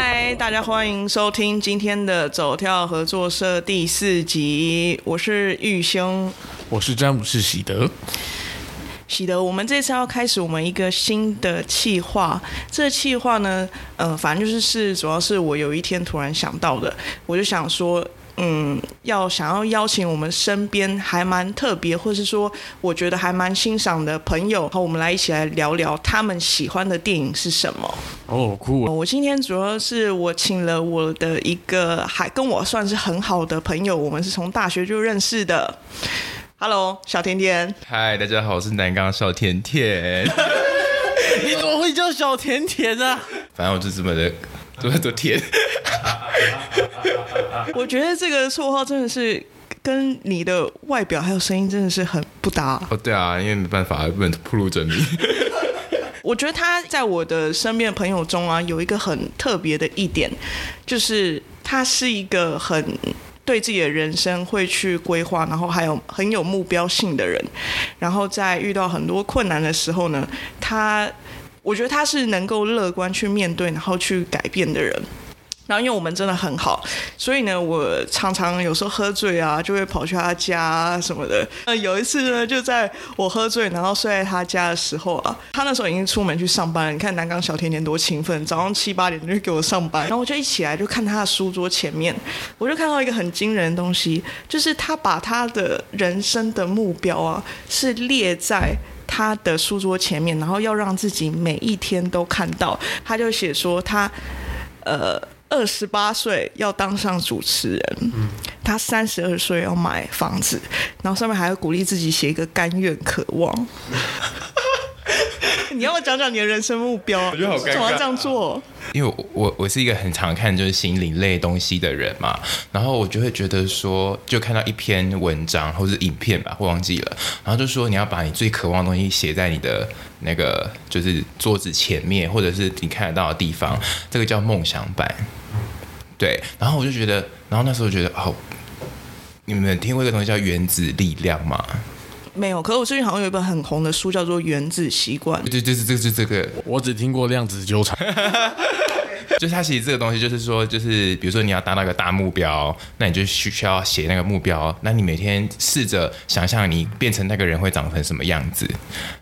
嗨，大家歡迎收聽今天的走跳合作社第四集。我是喻歆，我是詹姆士喜德。喜德，我們這次要開始我們一個新的企劃。這個企劃呢，呃，反正就是是，主要是我有一天突然想到的，我就想說。嗯，要想要邀請我們身邊還蠻特別，或是說我覺得還蠻欣賞的朋友，和我們來一起來聊聊他們喜歡的電影是什麼。哦，酷！我今天主要是我請了我的一個還跟我算是很好的朋友，我們是從大學就認識的。Hello，小甜甜。嗨，大家好，我是南港小甜甜。 你怎麼會叫小甜甜呢、啊？ 反正我就這麼的，這麼的甜。 我覺得這個綽號真的是跟你的外表還有聲音真的是很不搭哦！對啊，因為沒辦法，不能暴露真名。我覺得他在我的身邊的朋友中啊，有一個很特別的一點，就是他是一個很對自己的人生會去規劃，然後還有很有目標性的人。然後在遇到很多困難的時候呢，他我覺得他是能夠樂觀去面對，然後去改變的人。然後，因為我們真的很好，所以呢，我常常有時候喝醉啊，就會跑去他家啊，什麼的。呃，有一次呢，就在我喝醉，然後睡在他家的時候啊，他那時候已經出門去上班了。你看，南港小甜甜多勤奮，早上七八點就給我上班。然後我就一起來，就看他的書桌前面，我就看到一個很驚人的東西，就是他把他的人生的目標啊，是列在他的書桌前面，然後要讓自己每一天都看到。他就寫說他，他呃。二十八歲要當上主持人，嗯、他三十二歲要買房子，然後上面還要鼓勵自己寫一個甘願渴望。 你要不要講講你的人生目標？我覺得好尷尬，總要、啊、這樣做。因為我我，我是一個很常看就是心靈類東西的人嘛，然後我就會覺得說，就看到一篇文章或是影片吧，我忘記了，然後就說，你要把你最渴望的東西寫在你的那個就是桌子前面或者是你看得到的地方，這個叫夢想板。對，然後我就覺得，然後那時候覺得，哦，你們聽過一個東西叫原子力量嗎？沒有，可是我最近好像有一本很紅的書，叫做《原子習慣》這個。對對對，就這個，我只聽過量子糾纏。 就他寫這個東西，就是說，就是比如說你要達到一個大目標，那你就需需要寫那個目標。那你每天試着想象你變成那個人會長成什麼樣子，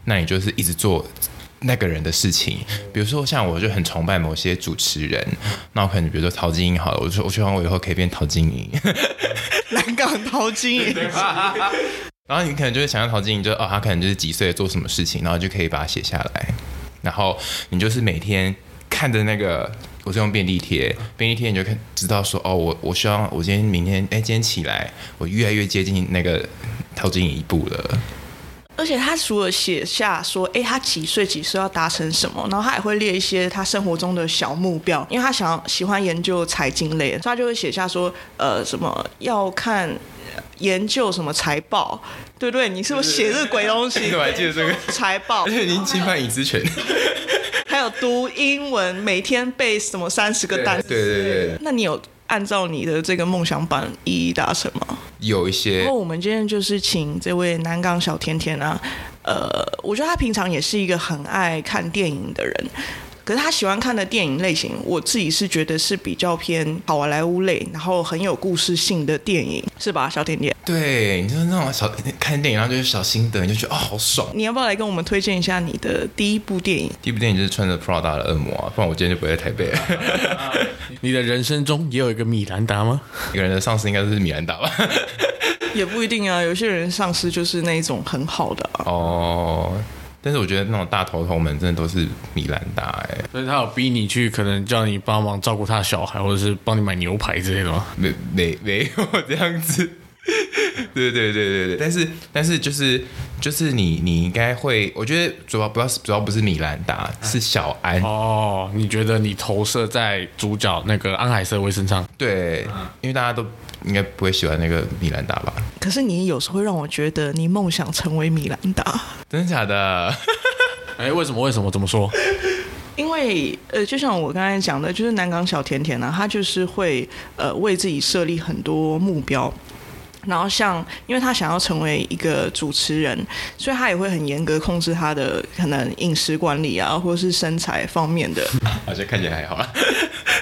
那你就是一直做那個人的事情。比如說像我，就很崇拜某些主持人，那我可能比如說陶晶瑩好了，我就我希望我以後可以變陶晶瑩， 南港陶晶瑩。 對 然後你可能就是想要陶晶瑩，就哦，她可能就是幾歲做什麼事情，然後就可以把它寫下來。然後你就是每天看着那個，我是用便利貼，便利貼你就看知道說哦，我我希望我今天、明天，哎、欸，今天起來我越來越接近那個陶晶瑩一步了。而且他除了寫下說，哎、欸，他幾歲幾歲要達成什麼，然後他也會列一些他生活中的小目標，因為他想喜歡研究財經類，所以他就會寫下說，呃，什麼要看研究什麼財報，對不對？你是不是寫這鬼東西？對，對我還記得這個財報，而且已經侵犯隱私權還， 還有讀英文，每天背什麼三十個單詞，對對，對對對。那你有按照你的這個夢想版一一達成嗎？有一些。然後我們今天就是請這位南港小甜甜啊，呃，我覺得她平常也是一個很愛看電影的人。可是他喜歡看的電影類型，我自己是覺得是比較偏好萊塢類，然後很有故事性的電影，是吧，小甜甜？對，你就是那種小看電影，然後就是小心得，你就覺得哦，好爽。你要不要來跟我們推薦一下你的第一部電影？第一部電影就是穿着 Prada 的惡魔，啊，不然我今天就不會在台北，啊。啊啊， 你的人生中也有一個米蘭達嗎？ 一個人的上司應該是米蘭達吧？ 也不一定啊，有些人上司就是那一種很好的，啊。哦。但是我覺得那種大頭頭們真的都是米蘭達哎，所以他有逼你去，可能叫你幫忙照顧他的小孩，或者是幫你買牛排之類的嗎？沒沒沒有這樣子，對對對對對。但是但是就是就是你你應該會，我覺得主要不要主要不是米蘭達，是小安哦。你覺得你投射在主角那個安海瑟薇身上？對，因為大家都。應該不會喜歡那個米蘭達吧？可是你有時候會讓我覺得你夢想成為米蘭達，真的假的？哎、 欸，為什麼為什麼這麼說？因為呃，就像我剛才講的，就是南港小甜甜呢，啊，她就是會呃為自己設立很多目標，然後像因為她想要成為一個主持人，所以她也會很嚴格控制她的可能飲食管理啊，或是身材方面的， 好像看起來還好啊。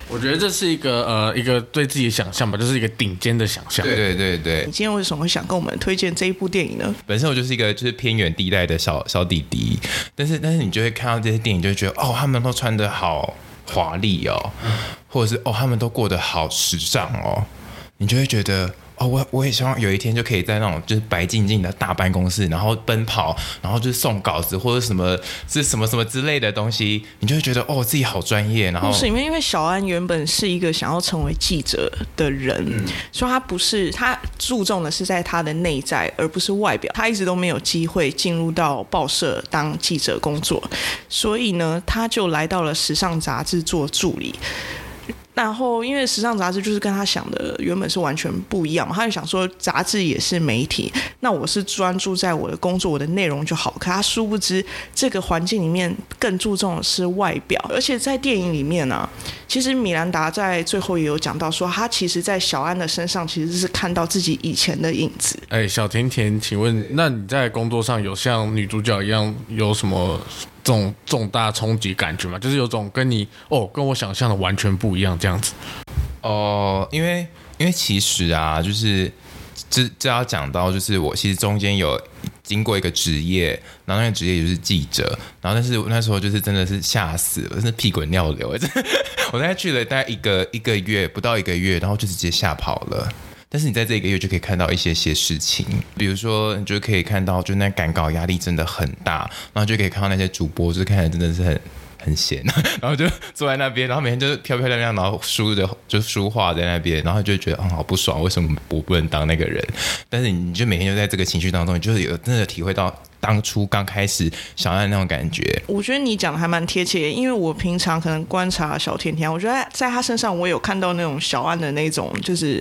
我覺得這是一個呃一個對自己的想象吧，就是一個頂尖的想象。對對對對。你今天為什麼會想跟我們推薦這一部電影呢？本身我就是一個就是偏遠地帶的小小弟弟，但是但是你就會看到這些電影，就會覺得哦，他們都穿得好華麗哦，或者是哦，他們都過得好時尚哦，你就會覺得。哦，我我也希望有一天就可以在那種就是白靜靜的大辦公室，然後奔跑，然後就是送稿子或者什麼是什麼什麼之類的東西，你就會覺得哦我自己好專業。然後不是，因為因為小安原本是一個想要成為記者的人，嗯、所以他不是他注重的是在他的內在，而不是外表。他一直都沒有機會進入到報社當記者工作，所以呢，他就來到了時尚雜誌做助理。然後，因為時尚雜誌就是跟他想的原本是完全不一樣嘛，他就想說，雜誌也是媒體，那我是專注在我的工作，我的內容就好。可他殊不知，這個環境裡面更注重的是外表，而且在電影裡面呢，其實米蘭達在最後也有講到說，他其實，在小安的身上其實是看到自己以前的影子。哎，小甜甜，請問，那你在工作上有像女主角一樣有什麼？這種重大衝擊感覺嘛，就是有種跟你哦，跟我想象的完全不一樣這樣子。哦、呃，因為因為其實啊，就是這這要講到，就是我其實中間有經過一個職業，然後那個職業也就是記者，然後但是那時候就是真的是嚇死了，真的屁滾尿流，真的，我我在去了大概一個一個月，不到一個月，然後就直接嚇跑了。但是你在這一個月就可以看到一些些事情，比如說你就可以看到，就那趕稿壓力真的很大，然後就可以看到那些主播就看着真的是很很閒，然後就坐在那邊，然後每天就是漂漂亮亮，然後梳着就梳化在那邊，然後就覺得哦，嗯，好不爽，為什麼我不能當那個人？但是你就每天就在這個情緒當中，你就是有真的體會到當初剛開始小安的那種感覺。我覺得你講的還蠻貼切，因為我平常可能觀察小甜甜，我覺得在她身上我有看到那種小安的那種就是。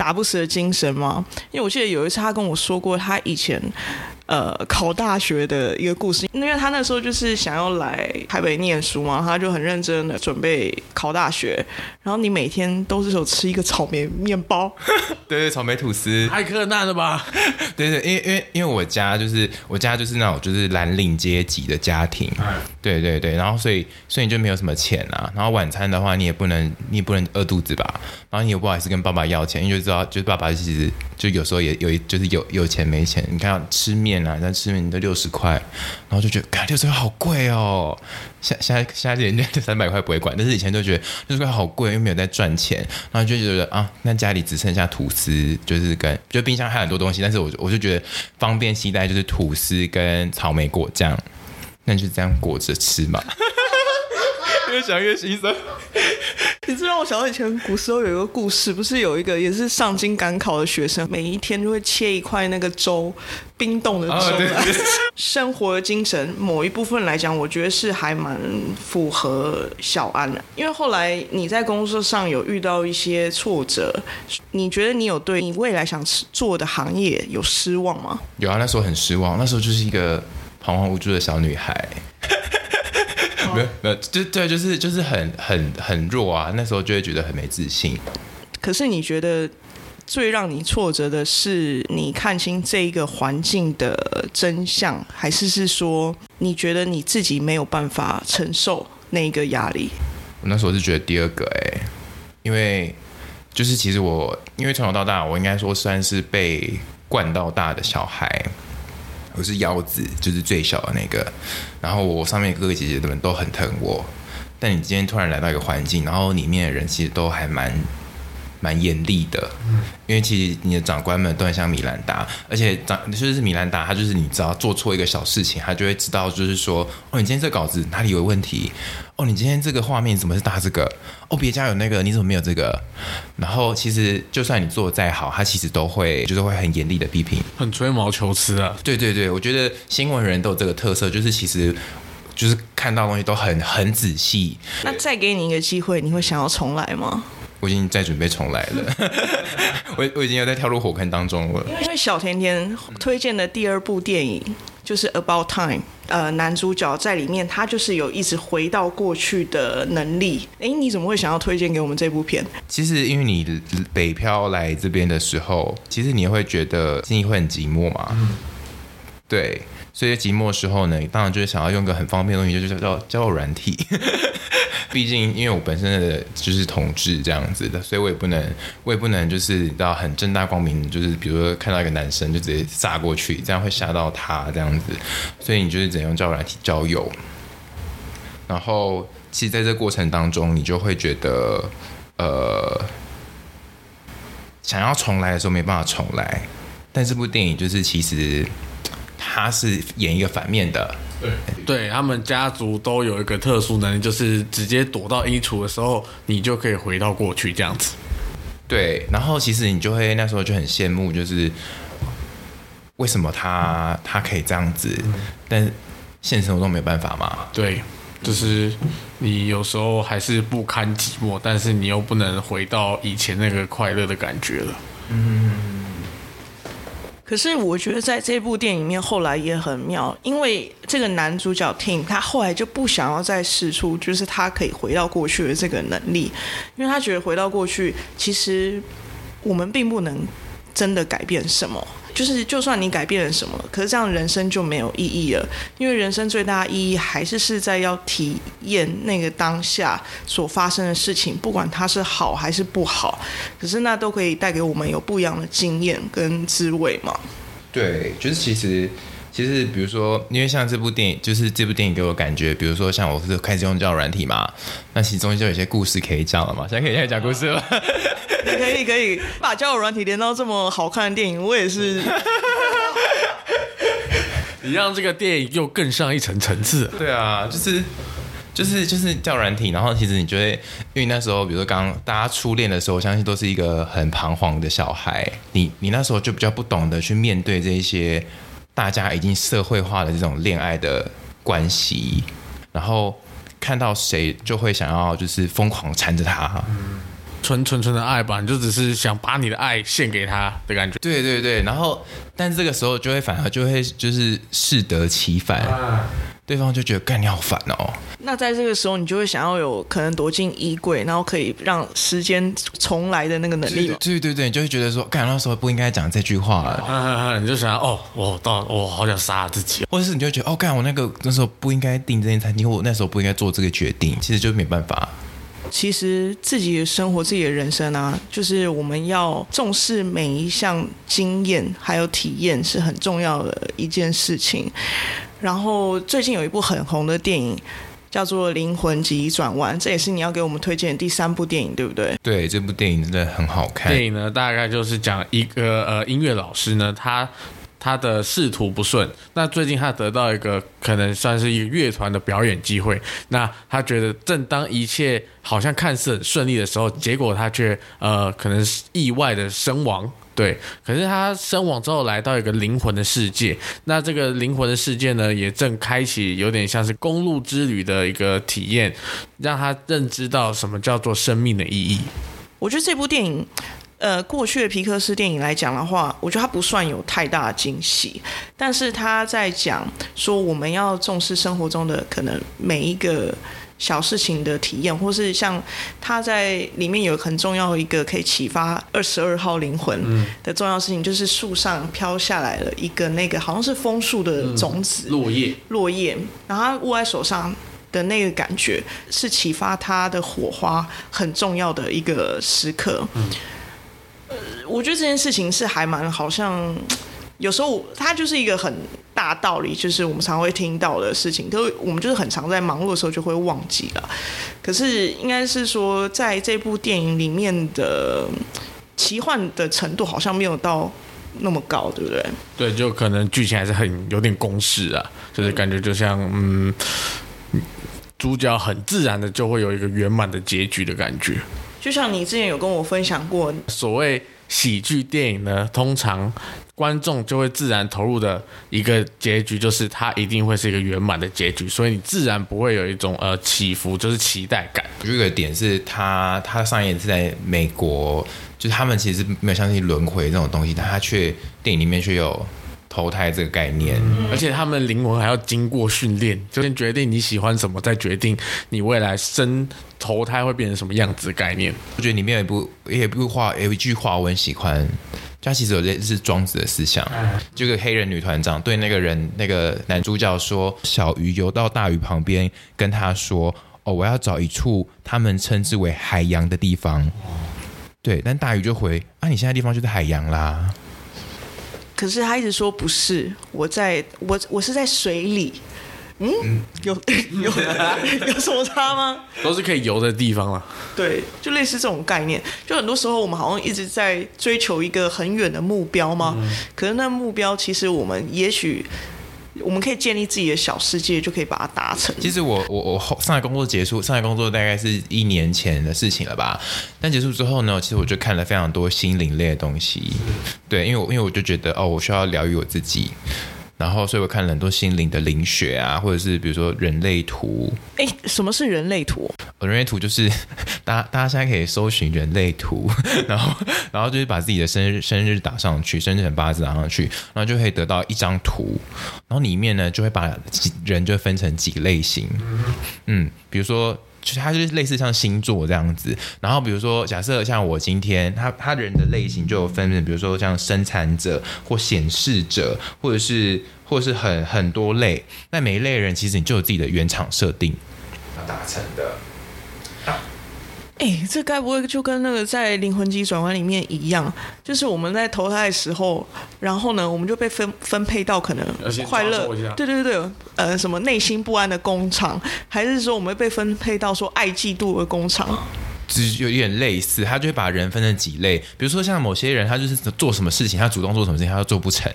打不死的精神嗎？因為我記得有一次他跟我說過，他以前呃考大學的一個故事，因為他那時候就是想要來台北念書嘛，他就很認真的準備考大學，然後你每天都是有吃一個草莓麵包， 對對，草莓吐司太克難了吧？ 對對，因為因為因為我家就是我家就是那種就是藍領階級的家庭。對對對，然後所以所以你就沒有什麼錢啊，然後晚餐的話你也不能你也不能餓肚子吧，然後你也不好意思跟爸爸要錢，因為就知道就是爸爸其實就有時候也有一就是有有錢沒錢，你看吃麵啊，那吃麵都六十塊，然後就覺得六十塊好貴哦，現現在現在連這三百塊不會管，但是以前都覺得六十塊好貴，又沒有在賺錢，然後就覺得啊，那家裡只剩下吐司，就是跟就冰箱還有很多東西，但是我就我就覺得方便攜帶就是吐司跟草莓果醬。但是這樣裹着吃嘛， 越想越心酸。 你知，知道我想到以前古時候有一個故事，不是有一個也是上京趕考的學生，每一天就會切一塊那個粥，冰凍的粥，啊 oh, 生活的精神。某一部分來講，我覺得是還蠻符合小安的。因為後來你在工作上有遇到一些挫折，你覺得你有對你未來想做的行業有失望嗎？有啊，那時候很失望，那時候就是一個。彷徨無助的小女孩 沒有沒有，就對，就是就是很很很弱啊。那時候就會覺得很沒自信。可是你覺得最讓你挫折的是你看清這一個環境的真相，還是是說你覺得你自己沒有辦法承受那一個壓力？我那時候是覺得第二個哎、欸，因為就是其實我，因為從小到大，我應該說算是被慣到大的小孩。我是幺子，就是最小的那個。然後我上面哥哥姐姐們都很疼我。但你今天突然來到一個環境，然後裡面的人其實都還蠻……蠻嚴厲的，因為其實你的長官們都很像米蘭達，而且長就是米蘭達，他就是你只要做錯一個小事情，他就會知道，就是說，哦，你今天這個稿子哪裡有問題？哦，你今天這個畫面怎麼是搭這個？哦，別家有那個，你怎麼沒有這個？然後其實就算你做的再好，他其實都會就是會很嚴厲的批評，很吹毛求疵啊。對對對，我覺得新聞人都有這個特色，就是其實就是看到東西都很很仔細。那再給你一個機會，你會想要重來嗎？我已經在準備重來了，我 我已經有在跳入火坑當中了。因為小甜甜推薦的第二部電影就是《About Time》，呃，男主角在裡面他就是有一直回到過去的能力。哎、欸，你怎麼會想要推薦給我們這部片？其實因為你北漂來這邊的時候，其實你會覺得心裡會很寂寞嘛。嗯、對，所以寂寞的時候呢，當然就是想要用個很方便的東西，就是、叫叫叫做軟體。 畢竟，因為我本身的就是同志這樣子的，所以我也不能，我也不能就是到很正大光明，就是比如說看到一個男生就直接殺過去，這樣會嚇到他這樣子。所以你就是只能用交友來交友。然後，其實在這個過程當中，你就會覺得，呃，想要重來的時候沒辦法重來。但這部電影就是其實。他是演一個反面的，對，他們家族都有一個特殊能力，就是直接躲到衣櫥的時候，你就可以回到過去這樣子。對，然後其實你就會那時候就很羨慕，就是為什麼他他可以這樣子，嗯、但現實生活沒有辦法嘛。對，就是你有時候還是不堪寂寞，但是你又不能回到以前那個快樂的感覺了。嗯。可是我覺得在這部電影裡面，後來也很妙，因為這個男主角聽 i 他後來就不想要再試出，就是他可以回到過去的這個能力，因為他覺得回到過去，其實我們並不能真的改變什麼。就是，就算你改變了什麼，可是這樣人生就沒有意義了。因為人生最大的意義還是是在要體驗那個當下所發生的事情，不管它是好還是不好，可是那都可以帶給我們有不一樣的經驗跟滋味嘛。對，就是其實，其實比如說，因為像這部電影，就是這部電影給我感覺，比如說像我是開始用叫軟體嘛，那其中就有些故事可以講了嘛，現在可以開始講故事了。啊 你可以可以把交友軟體連到這麼好看的電影，我也是。你， 你讓這個電影又更上一層層次。對啊，就是就是就是交友軟體，然後其實你覺得，因為那時候，比如說剛剛大家初戀的時候，我相信都是一個很彷徨的小孩。你你那時候就比較不懂得去面對這一些大家已經社會化的這種戀愛的關係，然後看到誰就會想要就是瘋狂纏着他。嗯純純純的愛吧，你就只是想把你的愛獻給他的感覺。對對對，然後，但是這個時候就會反而就會就是適得其反，啊、對方就覺得，幹你好煩哦。那在這個時候，你就會想要有可能躲進衣櫃，然後可以讓時間重來的那個能力了。對對對，你就會覺得說，幹那時候不應該講這句話了、啊。你就想要，哦，我、哦、到，我、哦、好想殺自己。或者是你就覺得，哦，幹我那個那時候不應該訂這間餐廳，我那時候不應該做這個決定。其實就沒辦法。其實自己的生活，自己的人生啊，就是我們要重視每一項經驗還有體驗是很重要的一件事情。然後最近有一部很紅的電影叫做《靈魂急轉彎》，這也是你要給我們推薦的第三部電影，對不對？對，這部電影真的很好看。電影呢，大概就是講一個呃音樂老師呢，他。他的仕途不順，那最近他得到一個可能算是一個樂團的表演機會，那他覺得正當一切好像看似很順利的時候，結果他卻呃可能是意外的身亡。對，可是他身亡之後來到一個靈魂的世界，那這個靈魂的世界呢，也正開啟有點像是公路之旅的一個體驗，讓他認知到什麼叫做生命的意義。我覺得這部電影。呃，過去的皮克斯電影來講的話，我覺得它不算有太大驚喜，但是他在講說我們要重視生活中的可能每一個小事情的體驗，或是像他在裡面有很重要一個可以啟發二十二號靈魂的重要事情，嗯、就是樹上飄下來了一個那個好像是楓樹的種子，嗯、落葉，落葉，然後他握在手上的那個感覺是啟發他的火花很重要的一個時刻。嗯我覺得這件事情是還蠻好像，有時候它就是一個很大道理，就是我們常會聽到的事情，可是我們就是很常在忙碌的時候就會忘記了。可是應該是說，在這部電影裡面的奇幻的程度好像沒有到那麼高，對不對？對，就可能劇情還是很有點公式啊，就是感覺就像嗯，嗯，主角很自然的就會有一個圓滿的結局的感覺。就像你之前有跟我分享過所謂。喜劇電影呢，通常觀眾就會自然投入的一個結局，就是它一定會是一個圓滿的結局，所以你自然不會有一種呃起伏，就是期待感。有一個點是他，他他上演是在美國，就是他們其實沒有相信輪迴這種東西，但他卻電影裡面卻有投胎這個概念。嗯，而且他們的靈魂還要經過訓練，就先決定你喜歡什麼，再決定你未來生。投胎會變成什麼樣子？概念，我覺得裡面有一部，有一部話有一句話我很喜歡，它其實有些是莊子的思想。就個黑人女團長對那個人那個男主角說：“小魚游到大魚旁邊，跟他說：‘哦，我要找一處他們稱之為海洋的地方。’對，但大魚就回：‘啊，你現在地方就是海洋啦。’可是他一直說不是，我在我我是在水裡。”嗯，有有有什麼差嗎？ 都是可以游的地方了。對，就類似這種概念。就很多時候我們好像一直在追求一個很遠的目標嘛。嗯。可是那目標其實我們也許我們可以建立自己的小世界，就可以把它達成。其實我我我上海工作結束，上海工作大概是一年前的事情了吧。但結束之後呢，其實我就看了非常多心靈類的東西。對，因為我因為我就覺得哦，我需要療癒我自己。然後，所以我看了很多心靈的靈學啊，或者是比如說人類圖。哎，什麼是人類圖？哦，人類圖就是，大家大家現在可以搜尋人類圖，然後，然後就是把自己的生日、生日打上去，生辰八字打上去，然後就可以得到一張圖，然後裡面呢就會把幾人就分成幾個類型，嗯，比如說。就是它就是類似像星座這樣子，然後比如說假設像我今天他他人的類型就有分、比如說像生產者或顯示者，或者是或者是很很多類，那每一類人其實你就有自己的原廠設定打成的。哎、欸，這該不會就跟那個在靈魂急轉彎裡面一樣，就是我們在投胎的時候，然後呢，我們就被分分配到可能快樂，對對對對，呃，什麼內心不安的工廠，還是說我們會被分配到說愛嫉妒的工廠？只是有一點類似，他就會把人分成幾類，比如說像某些人，他就是做什麼事情，他主動做什麼事情，他做不成，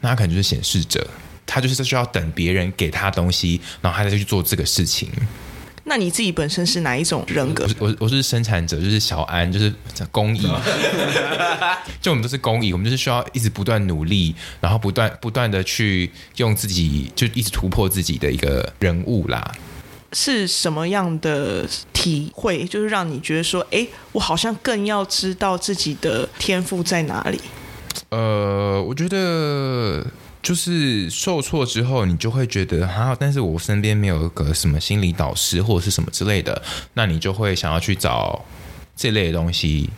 那他可能就是顯示者，他就是在需要等別人給他東西，然後他再去做這個事情。那你自己本身是哪一種人格？我是，我是，我是生產者，就是小安，就是公益。 就我們都是公益，我們就是需要一直不斷努力，然後不斷不斷的去用自己，就一直突破自己的一個人物啦。是什麼樣的體會？就是讓你覺得說，哎、欸，我好像更要知道自己的天賦在哪裡。呃，我覺得。就是受挫之後，你就會覺得，哈，但是我身邊沒有一個什麼心理導師或者是什麼之類的，那你就會想要去找這類的東西。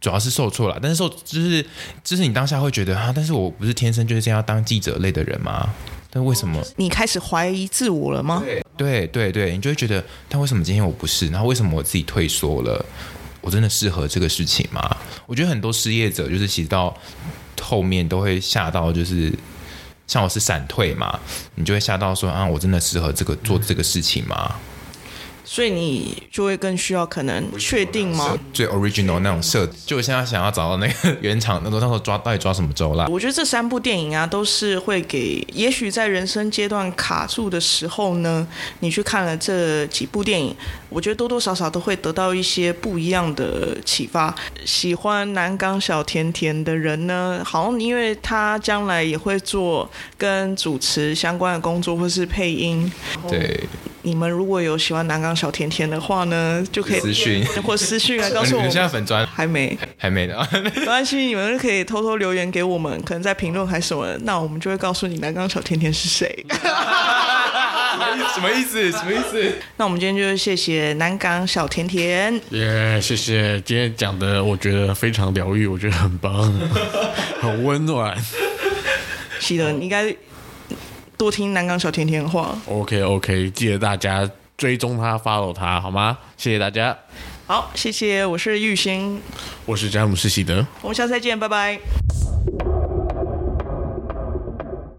主要是受挫了，但是受就是就是你當下會覺得啊，但是我不是天生就是這樣要當記者類的人嗎？但為什麼？你開始懷疑自我了嗎？對對對，對你就會覺得，但為什麼今天我不是？然後為什麼我自己退縮了？我真的適合這個事情嗎？我覺得很多失業者就是其實到後面都會嚇到，就是。像我是閃退嘛，你就會嚇到說啊，我真的適合這個做這個事情嗎？所以你就會更需要可能確定嗎？最 original 那種設計，就我現在想要找到那個原廠，那那時候抓到底抓什麼軸啦？我覺得這三部電影啊，都是會給，也許在人生階段卡住的時候呢，你去看了這幾部電影，我覺得多多少少都會得到一些不一樣的啟發。喜歡南港小甜甜的人呢，好像因為他將來也會做跟主持相關的工作，或是配音，對。你們如果有喜歡南港小甜甜的話呢，就可以私訊或私訊來告訴我們，啊。你們現在粉專還沒，還沒的，沒關係，你們可以偷偷留言給我們，可能在評論還是什麼，那我們就會告訴你南港小甜甜是誰，啊。什麼意思？什麼意思？ 那我們今天就謝謝南港小甜甜。耶，yeah，謝謝今天講的，我覺得非常療癒，我覺得很棒，很 溫溫暖。記得應該。 嗯 嗯多聽南港小甜甜的話。OK OK，記得大家追蹤他，follow 他，好嗎？謝謝大家。好，謝謝。我是喻歆，我是詹姆士喜德，我們下次再見，拜拜。